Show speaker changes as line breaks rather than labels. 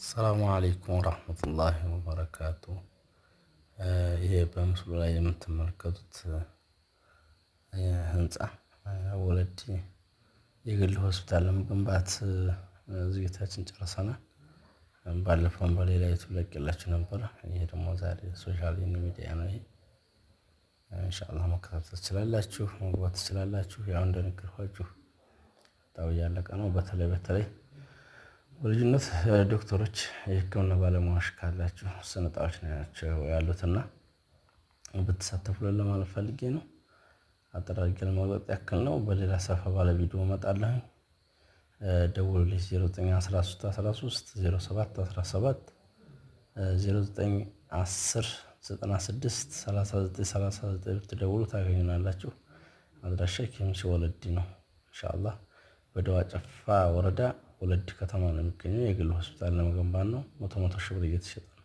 አሰላሙ አሌይኩም ወረህመቱላሂ ወበረካቱ። ይሄ በምስሉ ላይ የምትመለከቱት ህንፃ ወለዲ የግል ሆስፒታል ለመገንባት ዝግጅታችን ጨርሰናል። ባለፈውን በሌላ ዩቱብ ለቅቄላችሁ ነበረ። ይሄ ደግሞ ዛሬ ሶሻል ሚዲያ ነው። ይሄ ኢንሻአላህ መከታተል ትችላላችሁ፣ መግባት ትችላላችሁ። ያው እንደነገርኳችሁ ጣው እያለቀ ነው። በተለይ በተለይ በልጅነት ዶክተሮች የህክምና ባለሙያዎች ካላቸው ስንጣዎች ናቸው ያሉትና ብትሳተፉልን ለማለት ፈልጌ ነው። አጠራርጌ ለመግለጥ ያክል ነው። በሌላ ሰፋ ባለ ቪዲዮ እመጣለሁ። ደውሉልኝ 0913130717 0910963939 ብትደውሉ ታገኙናላችሁ። አድራሻ ኬሚሲ ወለዲ ነው። ኢንሻአላህ በደዋ ጨፋ ወረዳ ወለድ ከተማ ነው የሚገኘው። የግል ሆስፒታል ለመገንባት ነው። መቶ መቶ ሺህ ብር እየተሸጠ ነው።